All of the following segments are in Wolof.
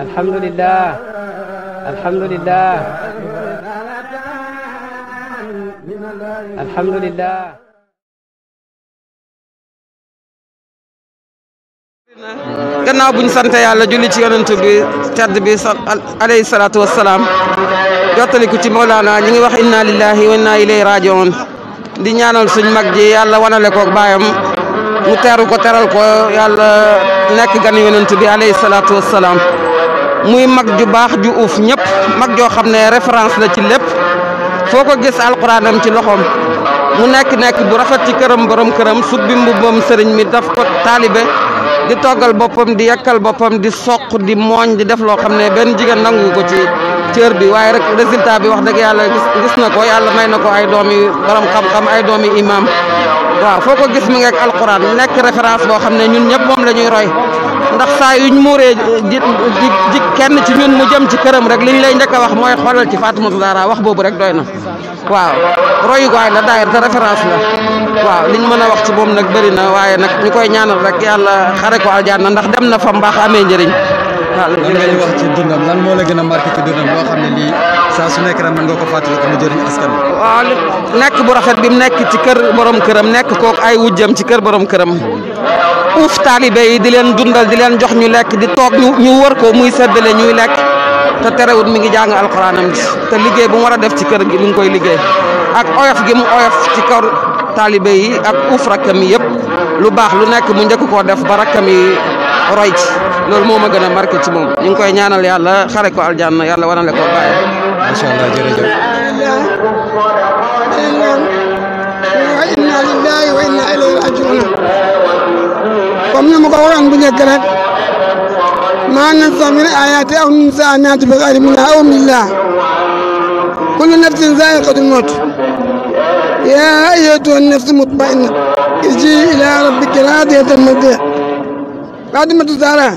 alhamdulilah alhamdulilah alhamdulilah gannaaw buñ sant yàlla julli ci yonent bi tedd bi alayhi salaatu wassalaam jottaliku ci Mawlaana ñi ngi wax inna lillahi wa inna ilayhi rajiun di ñaanal suñ mag ji yàlla wanale ko baayam ñu teeru ko teral ko yàlla nekk gan yonent bi alayhi salaatu wassalaam muy mag ju baax ju uuf ñëpp mag joo xam ne référence la ci lépp foo ko gis alquranam ci loxoom mu nekk nekk bu rafet ci këram borom këram sut bi mbubbam sëriñ mi daf ko taalibe di toggal boppam di yekkal boppam di soq di mooñ di def loo xam ne benn jigéen nangu ko ci cër bi waaye rek résultat bi wax dëgg yàlla gis na ko yàlla may na ko ay doomi borom xam-xam ay doomi imam waaw foo ko gis mi ngeek alquran nekk référence boo xam ne ñun ñëpp moom la ñuy roy ndax saa yuñ muuree ji ji kenn ci ñun mu jëm ci këram rek liñ lay njëkk a wax mooy xoolal ci Fatoumata daara wax boobu rek doy na waaw royukaay la daayir te référence la waaw liñ mën a wax ci moom nag bëri na waaye nag ñu koy ñaanal rek yàlla xare ko aljanna ndax dem na fa mbaax amee njëriñ Ah, lan ngay wax ci moo la gën a marqué ci dundam loo xam ne nekk ko fàttali ko mu jëriñ ah, bu rafet bi mu nekk ci kër borom këram nekk kook ay wujjam ci kër borom këram uuf taalibe yi di leen dundal di leen jox ñu lekk di toog ñu ñu wër ko muy séddale ñuy lekk te terewut mi ngi jàng alxuraanam ji te liggéey bu mu war a def ci kër gi mi ngi koy liggéey ak oyof gi mu oyof ci kër taalibe yi ak uuf rakkam yi yëpp lu baax lu nekk mu njëkk koo def ba rakkam roy ci loolu moo ma gën a marqué ci moom ñu ngi koy ñaanal yàlla xare ko aljanna yàlla wanale ko bàyyi. macha allah jërëjëf. inna lillahi wa inna ilayhi rajiun comme ni ma ko waxoon bu njëkk rek maa nansa min ayaati aw nansa naati bi xayri aw millah kullu nafsin zaa'iqatul mawt yaa ayyatuha nafsu mutma'inna irji ila rabbika raadiyatan mardiyya waa Dimatu Zahra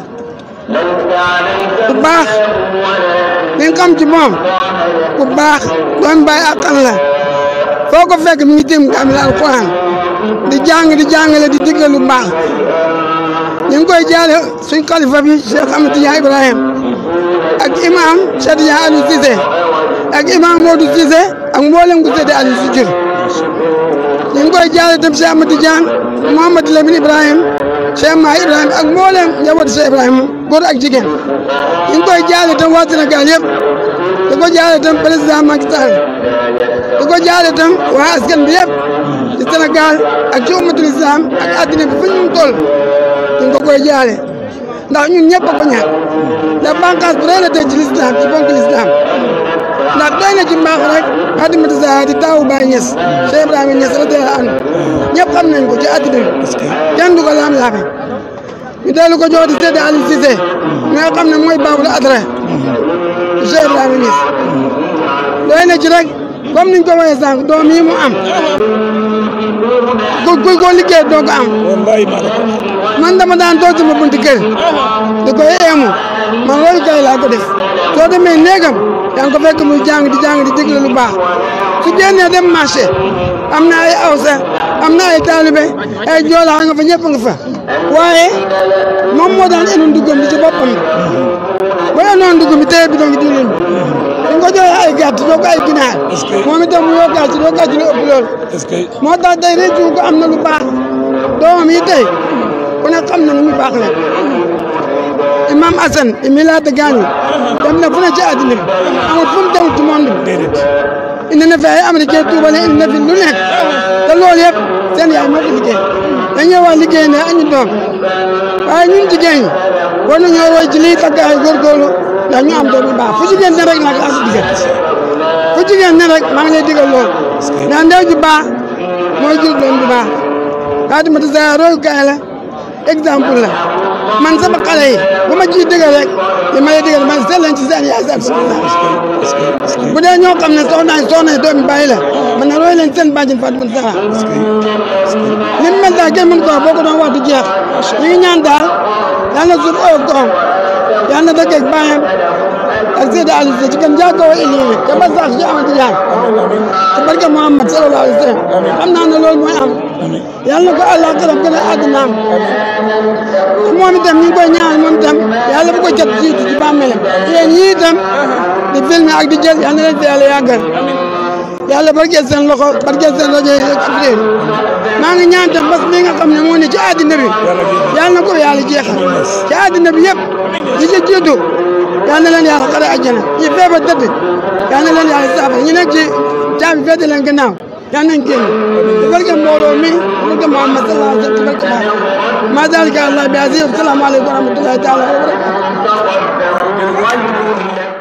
bu baax li nga xam bu baax doon bàyyi àqan la foo fekk mi ngi tim am la alquran di jàng di jàngale di digal baax ñu koy jaale suñ xalifa bi Cheikh Amadou Ibrahim ak imam Cheikh Dia Aliou Cissé ak imam Modou Cissé ak mboolem gu Cissé Aliou Cissé ñu ngi jaale itam Cheikh Ahmad Tidiane Mouhamad Ibrahim Cheikh Mahi Ibrahim ak mboolem njabootu Cheikh Ibrahim góor ak jigéen ñu ngi jaale itam waa Sénégal yëpp di ko jaale itam président Macky Sall di ko jaale itam waa askan bi yëpp ci Sénégal ak ci ummatul islam ak addina bi fu ñu toll ñu ngi ko koy jaale ndax ñun ñëpp ko ñaan ndax bànqaas bu rëy la tey ci ndax doy na ci rek. xadimatu saa di taawu Baay Ñas Cheikh Ibrahima Ñas la teel am ànd xam nañ ko ci àddina kenn du ko laam-laame ñu dellu ko jox di seede Aliou Cissé mi nga xam ne mooy baabul adra Cheikh Ibrahima Ñas doy na ci rek comme niñ ko waxee sànq yi mu am ku ku ko liggéey doo ko am man dama daan toog sama bunti kër di koy eemu man loolu jaay laa ko def soo demee néegam yaa ngi ko fekk muy jàng di jàng di digle lu baax su génnee dem marché am na ay awsa am na ay taalibe ay joolaa nga fa ñëpp fa waaye moom moo daan enoon duggam bi ci boppam ba enoon duggam bi téye bi doon ko joxe ay gàtt doo ko ay ginaar moom itam mu yoo gàtt doo gàtt lu moo tax tey réccu ko am na lu baax doomam yi tey ku ne xam na nu mu baax Assane Milade Gagny dem na fu ne ci àddina bi amul fu mu demul ci monde na fi ay américain tuubale indi fi lu nekk te loolu yëpp seen yaay moo ko liggéey dañuy wax liggéey ne añu doom waaye ñun jigéen ñi ci lii tagg ay góorgóorlu ndax ñu am doom bu fu jigéen ne rek nag laa ko fu jigéen ne rek maa ngi lay digal loolu ndax ndaw ju baax mooy jur doom bu baax Fatimata Zahra royukaay la exemple la man sama xale yi digal rek li may digal man seet leen ci seen yaay sax bu dee ñoo xam ne soxna yi soxna yi doomi bàyyi la man na roy leen seen bàjjen Fatou Binetou Zahra li mu mel daal kenn mënu ko wax boo ko doon wax du jeex ñu ngi ñaan daal yal na suuf oyof ko yal na dëkk ak azai da alisa cikin jagawa ilimi ka ba sa shi amadu ya ta barka muhammad sallallahu alaihi wasallam amna na lol moy am yalla ko allah karam kana adna moom itam ñu ngi koy ñaan moom itam yàlla bu ko jot jiitu ci bàmmeelam yéen ñii di filmé ak di jël yal na leen fi yàlla yàggal yàlla barkeel seen loxo barkeel seen rajo yi ak maa ngi ñaan itam bas mi nga xam ne moo ci àddina bi yàlla na ko yàlla ci àddina bi yëpp di ci jiitu yal na leen yàlla xale àjjana ñi feebar dëdd yal na leen yàlla saafara ñi nekk ci caabi féete leen gannaaw yal nañ génn ci barke mbooloo mi barke Muhammad sallallahu alayhi wa sallam barke Baay maa zaalika alaa bi aziiz salaamaaleykum wa rahmatullahi taala wa barakaatu